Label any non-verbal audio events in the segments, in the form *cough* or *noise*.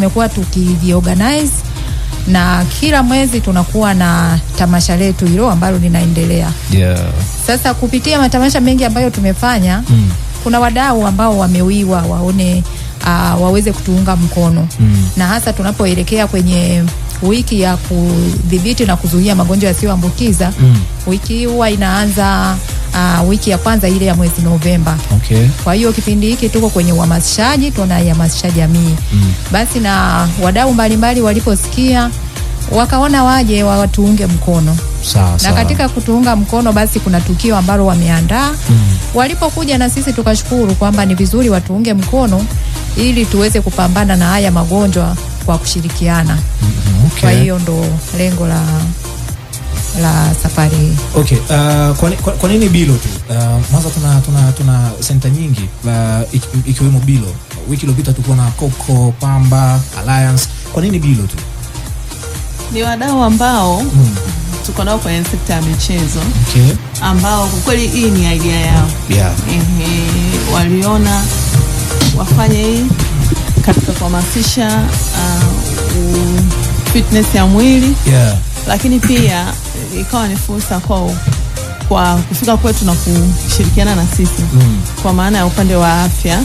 Tumekuwa tukijiorganize na kila mwezi tunakuwa na tamasha letu hilo ambalo linaendelea. Yeah. Sasa kupitia matamasha mengi ambayo tumefanya mm. kuna wadau ambao wamewiwa waone uh, waweze kutuunga mkono mm. na hasa tunapoelekea kwenye wiki ya kudhibiti na kuzuia magonjwa yasiyoambukiza mm. wiki huwa inaanza uh, wiki ya kwanza ile ya mwezi Novemba. Okay. Kwa hiyo kipindi hiki tuko kwenye uhamasishaji, tunaihamasisha jamii mm. Basi na wadau mbalimbali waliposikia wakaona waje watuunge mkono saa, na Katika kutuunga mkono basi kuna tukio ambalo wameandaa mm. Walipokuja na sisi tukashukuru kwamba ni vizuri watuunge mkono ili tuweze kupambana na haya magonjwa kwa kushirikiana. mm -hmm. Okay. Kwa hiyo ndo lengo la la safari. Okay, uh, kwa, kwa, kwa nini Bilo tu? Uh, mwanza tuna tuna tuna senta nyingi uh, ikiwemo Bilo. Wiki iliyopita tulikuwa na Coco, Pamba, Alliance. Kwa nini Bilo tu? Ni wadau ambao mm. tuko nao kwenye sekta ya michezo okay. ambao kwa kweli hii ni idea yao yeah. waliona wafanye hii katika kuhamasisha uh, fitness ya mwili yeah. lakini pia ikawa ni fursa kwao kwa kufika kwetu na kushirikiana na sisi mm. kwa maana ya upande wa afya yeah.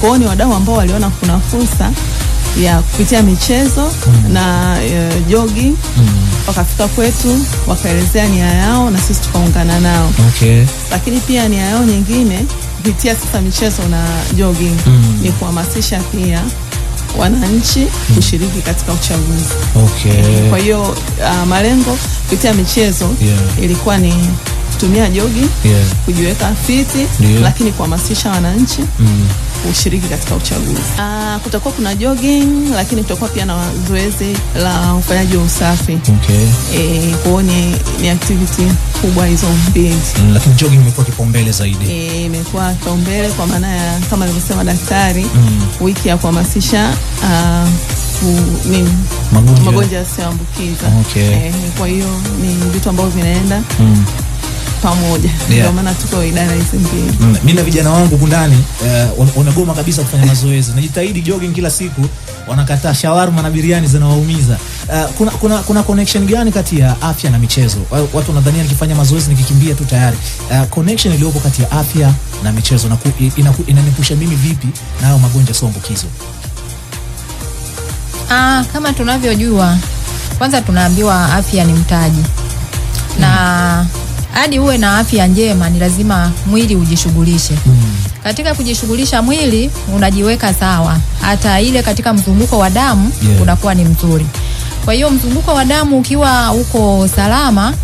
Kwa hiyo ni wadau ambao waliona kuna fursa ya kupitia michezo mm. na uh, eh, jogi mm. wakafika kwetu wakaelezea nia yao na sisi tukaungana nao okay. Lakini pia nia yao nyingine kupitia sasa michezo na jogi mm. ni kuhamasisha pia wananchi hmm. kushiriki katika uchaguzi. Okay. Kwa hiyo uh, malengo kupitia michezo yeah. ilikuwa ni kutumia jogi yeah. kujiweka fiti yeah. lakini kuhamasisha wananchi mm. kushiriki katika uchaguzi. Uh, kutakuwa kuna jogging, lakini kutakuwa pia na zoezi la ufanyaji wa usafi okay. Eh, e, kwao ni activity kubwa hizo mbili mm, lakini jogging imekuwa kipaumbele zaidi. Eh, imekuwa kipaumbele kwa maana ya kama alivyosema daktari mm. wiki ya kuhamasisha uh, magonjwa yasiyoambukiza okay. E, kwa hiyo ni vitu ambavyo vinaenda mm pamoja, ndio yeah. maana tuko idara hizi mbili mm. Mimi na vijana wangu kundani uh, eh, wanagoma kabisa kufanya mazoezi, najitahidi jogging kila siku, wanakataa. Shawarma na biriani zinawaumiza. Uh, kuna, kuna, kuna connection gani kati ya afya na michezo? Watu wanadhania nikifanya mazoezi nikikimbia tu tayari. Uh, connection iliyopo kati ya afya na michezo inanipusha mimi vipi na hayo magonjwa ambukizo Ah, kama tunavyojua kwanza tunaambiwa afya ni mtaji na mm-hmm hadi uwe na afya njema ni lazima mwili ujishughulishe. Mm. Katika kujishughulisha mwili unajiweka sawa, hata ile katika mzunguko wa damu yeah, unakuwa ni mzuri. Kwa hiyo mzunguko wa damu ukiwa uko salama,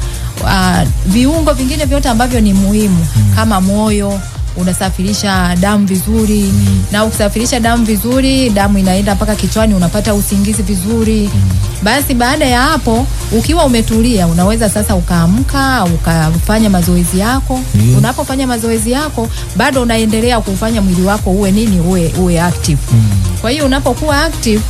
uh, viungo vingine vyote ambavyo ni muhimu mm, kama moyo unasafirisha damu vizuri mm. na ukisafirisha damu vizuri damu inaenda mpaka kichwani unapata usingizi vizuri mm. basi baada ya hapo ukiwa umetulia unaweza sasa ukaamka ukafanya mazoezi yako mm. unapofanya mazoezi yako bado unaendelea kufanya mwili wako uwe nini uwe, uwe active mm. kwa hiyo unapokuwa active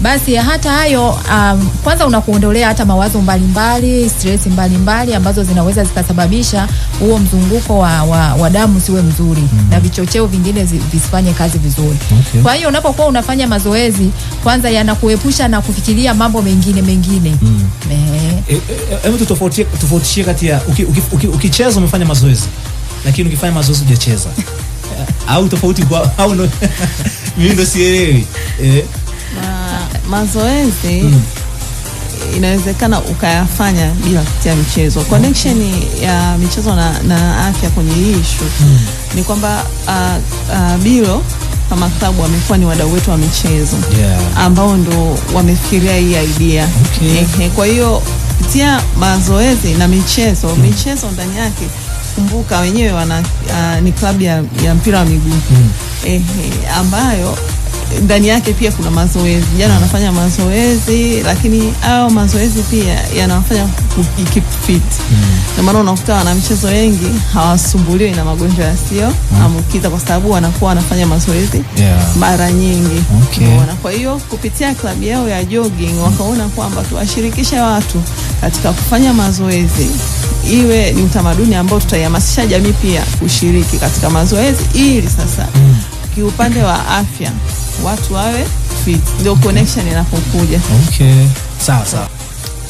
basi hata hayo um, kwanza unakuondolea hata mawazo mbalimbali, stress mbalimbali ambazo zinaweza zikasababisha huo mzunguko wa, wa, wa damu siwe mzuri mm -hmm. na vichocheo vingine visifanye kazi vizuri okay. Kwa hiyo unapokuwa unafanya mazoezi kwanza yanakuepusha na kufikiria mambo mengine mengine mm. E, e, hebu tutofautie tofautishie kati ya ukicheza umefanya mazoezi lakini ukifanya mazoezi hujacheza *laughs* au tofauti kwa au *laughs* mimi ndo sielewi eh mazoezi mm. inawezekana ukayafanya bila kupitia michezo. Connection ya michezo na, na afya kwenye hii ishu mm. ni kwamba uh, uh, Bilo kama klabu wamekuwa ni wadau wetu wa michezo yeah. ambao ndo wamefikiria hii idea okay. E, kwa hiyo kupitia mazoezi na michezo mm. michezo ndani yake kumbuka wenyewe wana uh, ni klabu ya, ya mpira wa miguu mm. e, ambayo ndani yake pia kuna mazoezi, jana wanafanya mazoezi, lakini hao mazoezi pia yanawafanya keep fit mm. maana unakuta michezo wengi hawasumbuliwi na magonjwa yasiyo mm. ambukiza kwa sababu wanakuwa wanafanya mazoezi yeah. mara nyingi okay. Kwa hiyo kupitia klabu yao ya jogging mm. wakaona kwamba tuwashirikishe watu katika kufanya mazoezi iwe ni utamaduni ambao tutaihamasisha jamii pia kushiriki katika mazoezi ili sasa mm. kiupande wa afya watu wawe fit, ndio connection inapokuja. Okay, sawa sawa.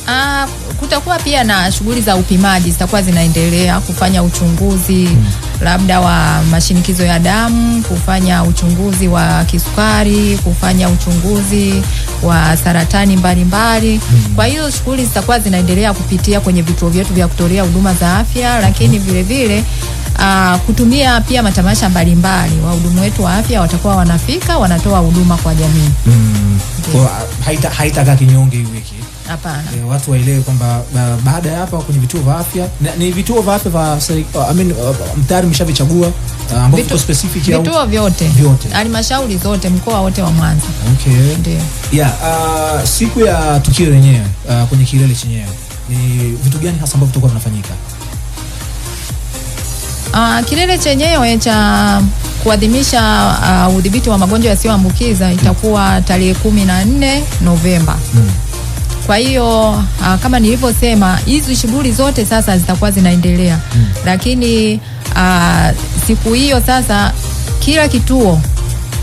Uh, kutakuwa pia na shughuli za upimaji zitakuwa zinaendelea kufanya uchunguzi hmm, labda wa mashinikizo ya damu, kufanya uchunguzi wa kisukari, kufanya uchunguzi wa saratani mbalimbali. Hmm. Kwa hiyo shughuli zitakuwa zinaendelea kupitia kwenye vituo vyetu vya kutolea huduma za afya, lakini vilevile hmm. vile uh, kutumia pia matamasha mbalimbali. Wahudumu wetu wa afya watakuwa wanafika, wanatoa huduma kwa jamii mm. haita haitakaa kinyonge hii wiki Hapana. E, watu waelewe kwamba baada ya hapa kwenye vituo vya afya ni vituo vya afya vya I mean uh, mtayari mshavichagua uh, ambapo specific ya vituo vyote vyote halmashauri zote mkoa wote wa Mwanza. Okay. Ndio. Yeah, uh, siku ya tukio lenyewe uh, kwenye kilele chenyewe ni vitu gani hasa ambavyo tutakuwa vinafanyika? Uh, kilele chenyewe eh, cha kuadhimisha uh, udhibiti wa magonjwa yasiyoambukiza itakuwa tarehe kumi na nne Novemba mm. Kwa hiyo uh, kama nilivyosema hizi shughuli zote sasa zitakuwa zinaendelea mm. Lakini uh, siku hiyo sasa kila kituo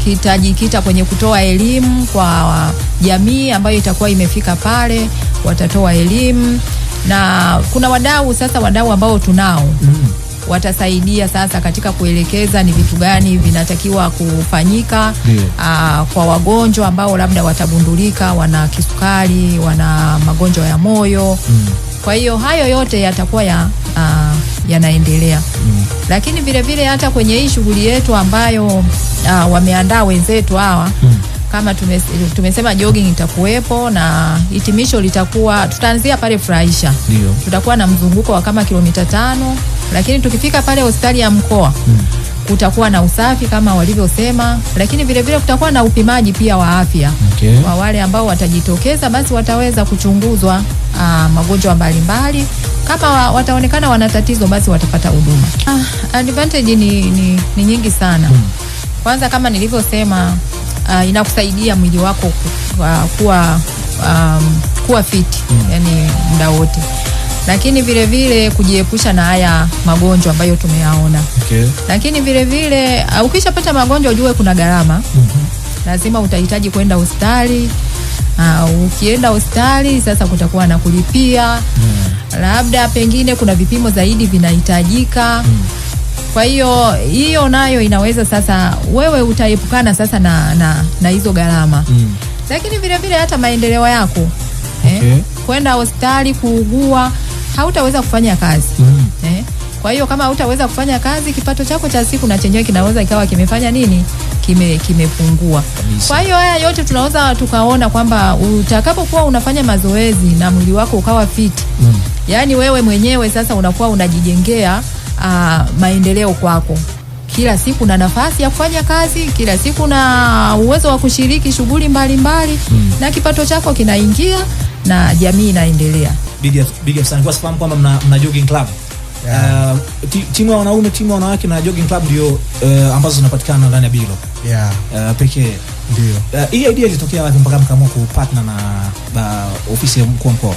kitajikita kwenye kutoa elimu kwa jamii ambayo itakuwa imefika pale, watatoa elimu na kuna wadau sasa, wadau ambao tunao mm watasaidia sasa katika kuelekeza ni vitu gani vinatakiwa kufanyika aa, ah, kwa wagonjwa ambao labda watagundulika wana kisukari, wana magonjwa ya moyo mm. Kwa hiyo hayo yote yatakuwa ya, ah, yanaendelea mm. Lakini vilevile hata kwenye hii shughuli yetu ambayo aa, ah, wameandaa wenzetu hawa mm. Kama tumes, tumesema jogging itakuwepo na hitimisho litakuwa tutaanzia pale Furahisha, tutakuwa na mzunguko wa kama kilomita tano lakini tukifika pale hospitali ya mkoa mm. kutakuwa na usafi kama walivyosema, lakini vilevile kutakuwa na upimaji pia wa afya okay. wa wale ambao watajitokeza basi wataweza kuchunguzwa uh, magonjwa mbalimbali kama wataonekana wana tatizo basi watapata huduma. Ah, advantage ni, ni, ni nyingi sana mm. Kwanza kama nilivyosema, uh, inakusaidia mwili wako ku, uh, kuwa um, kuwa fit mm. yani muda wote lakini vile vile kujiepusha na haya magonjwa ambayo tumeyaona. Okay. Lakini vile vile uh, ukishapata magonjwa ujue kuna gharama. Mm-hmm. Lazima utahitaji kwenda hospitali. Uh, ukienda hospitali sasa kutakuwa na kulipia. Yeah. Mm. Labda pengine kuna vipimo zaidi vinahitajika. Mm. Kwa hiyo hiyo nayo inaweza sasa wewe utaepukana sasa na na, na hizo gharama. Mm. Lakini vile vile hata maendeleo yako. Eh, okay. Eh, kwenda hospitali kuugua hautaweza kufanya kazi mm. eh? Kwa hiyo kama hautaweza kufanya kazi, kipato chako cha siku na chenyewe kinaweza ikawa kimefanya nini, kime kimepungua. Kwa hiyo haya yote tunaweza tukaona kwamba utakapokuwa unafanya mazoezi na mwili wako ukawa fit mm. yaani wewe mwenyewe sasa unakuwa unajijengea uh, maendeleo kwako kila siku na nafasi ya kufanya kazi kila siku na uwezo wa kushiriki shughuli mbalimbali mm. na kipato chako kinaingia na jamii inaendelea big up, big up sana kwa sababu kwamba mna, mna jogging club yeah. Uh, timu ya wanaume timu ya wanawake na jogging club ndio uh, ambazo zinapatikana ndani ya Bilo yeah. Uh, pekee ndio uh, hii idea ilitokea wapi mpaka mkaamua ku partner na uh, ofisi ya mkuu wa mkoa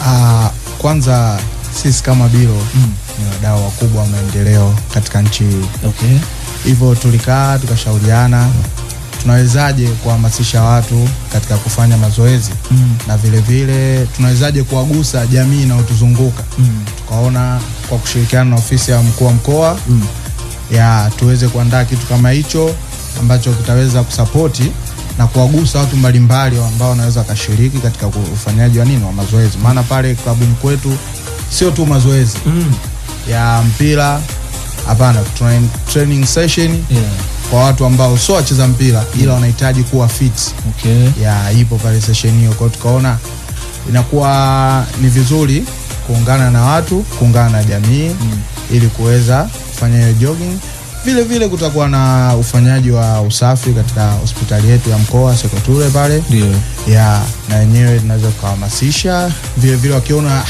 uh, kwanza sisi kama Bilo mm. ni wadau wakubwa wa maendeleo katika nchi okay. Hivyo tulikaa tukashauriana mm tunawezaje kuhamasisha watu katika kufanya mazoezi mm. na vilevile tunawezaje kuwagusa jamii inayotuzunguka mm. tukaona kwa kushirikiana na ofisi ya mkuu wa mkoa mm. ya tuweze kuandaa kitu kama hicho ambacho kitaweza kusapoti na kuwagusa watu mbalimbali ambao wanaweza wakashiriki katika ufanyaji wa nini wa mazoezi, maana pale klabuni kwetu sio tu mazoezi mm. ya mpira hapana, training session yeah kwa watu ambao sio wacheza mpira ila wanahitaji kuwa fit. Okay. Ya ipo pale session hiyo, kwa tukaona inakuwa ni vizuri kuungana na watu, kuungana na jamii mm. ili kuweza kufanya hiyo jogging. Vile vile kutakuwa na ufanyaji wa usafi katika hospitali yetu ya mkoa Sekoture pale. Ndio. Ya na wenyewe tunaweza kuhamasisha vile vile wakiona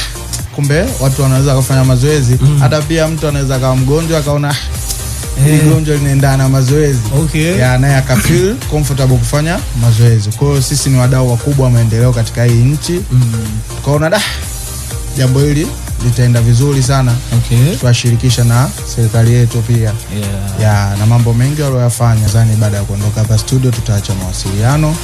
kumbe watu wanaweza kufanya mazoezi mm. hata pia mtu anaweza akawa mgonjwa akaona Eh. ili gonjwa linaendana na mazoezi okay. ya naye akafeel *coughs* comfortable kufanya mazoezi. Kwa hiyo sisi ni wadau wakubwa wa maendeleo katika hii nchi mm. tukaona da jambo hili litaenda vizuri sana okay. Tuwashirikisha na serikali yetu pia yeah. Yeah, na mambo mengi walioyafanya. zani baada ya kuondoka hapa studio tutaacha mawasiliano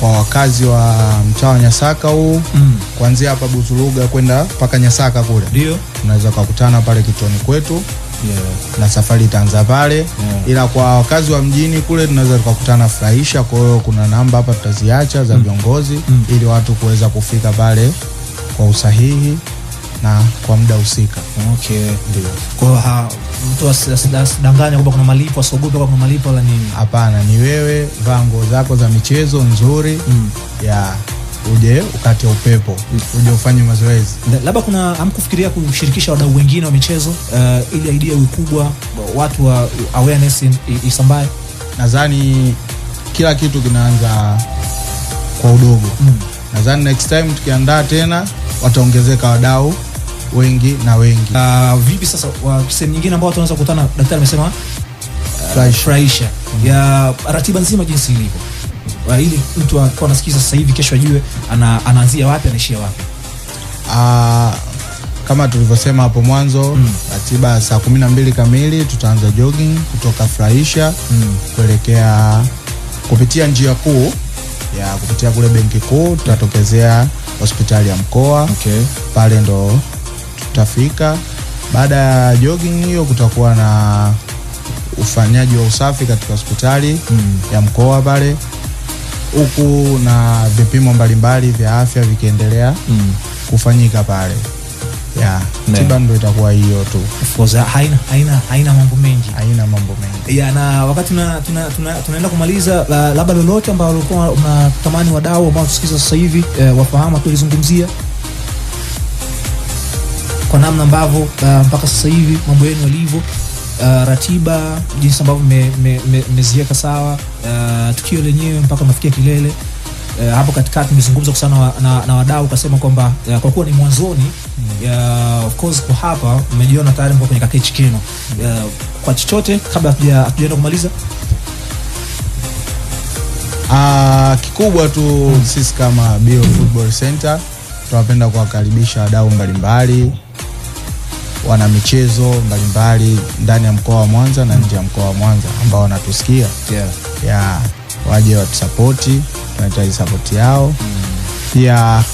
kwa wakazi wa mtaa wa Nyasaka huu mm. kuanzia hapa Busuruga kwenda mpaka Nyasaka kule, ndio tunaweza kukutana pale kituoni kwetu yeah. na safari itaanza pale yeah. Ila kwa wakazi wa mjini kule tunaweza tukakutana furahisha. Kwa hiyo kuna namba hapa tutaziacha za mm. viongozi mm. mm. ili watu kuweza kufika pale kwa usahihi na kwa muda husika. Okay. Ndio. Kwa mtu asidanganye kwamba kuna malipo, asiogope kwamba kuna malipo la nini. Hapana, ni wewe vaa nguo zako za michezo nzuri mm. ya yeah uje ukate upepo, uje ufanye mazoezi. Labda kuna amkufikiria kushirikisha wadau wengine wa michezo uh, ili idea iwe kubwa, watu wa awareness isambae? Nadhani kila kitu kinaanza kwa udogo mm. Nadhani next time tukiandaa tena wataongezeka wadau wengi na wengi. Uh, vipi sasa sehemu nyingine ambao watu wanaweza kukutana? Daktari amesema uh, mm. ya ratiba nzima jinsi ilivyo ili mtu alikuwa anasikiza sasa hivi, kesho ajue ana, anaanzia wapi anaishia wapi? Uh, kama tulivyosema hapo mwanzo mm. Ratiba mm. saa kumi na mbili kamili tutaanza jogging kutoka Furahisha mm. kuelekea kupitia njia kuu ya kupitia kule benki kuu tutatokezea hospitali ya mkoa okay. Pale ndo tutafika. Baada ya jogging hiyo kutakuwa na ufanyaji wa usafi katika hospitali mm. ya mkoa pale huku na vipimo mbalimbali vya afya vikiendelea mm. kufanyika pale yeah. Tiba ndo itakuwa hiyo tu, haina haina haina mambo mengi, haina mambo mengi yeah. Na wakati tunaenda tuna, tuna, tuna kumaliza, labda lolote ambao walikuwa unatamani wadau ambao tusikiza sasa hivi eh, wafahamu tulizungumzia kwa namna ambavyo eh, mpaka sasa hivi mambo yenu yalivyo uh, ratiba jinsi ambavyo mmeziweka me, me, sawa uh, tukio lenyewe mpaka unafikia kilele uh, hapo katikati nimezungumza sana na, na wadau ukasema kwamba uh, kwa kuwa ni mwanzoni uh, of course kwa hapa mmejiona tayari mko kwenye kakechi kino uh, kwa chochote kabla hatujaenda kumaliza uh, kikubwa tu hmm. sisi kama Bio Football Center tunapenda kuwakaribisha wadau mbalimbali wana michezo mbalimbali ndani ya mkoa wa Mwanza na nje ya mkoa wa Mwanza ambao wanatusikia yeah. ya waje watusapoti, tunahitaji sapoti yao mm. pia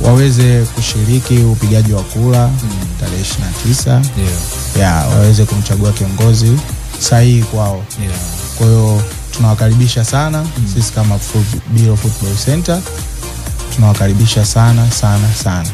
waweze kushiriki upigaji wa kura mm. tarehe 29 yeah. yeah, waweze kumchagua kiongozi sahihi kwao yeah. kwa hiyo tunawakaribisha sana mm. sisi kama Buro Football Center tunawakaribisha sana sana sana.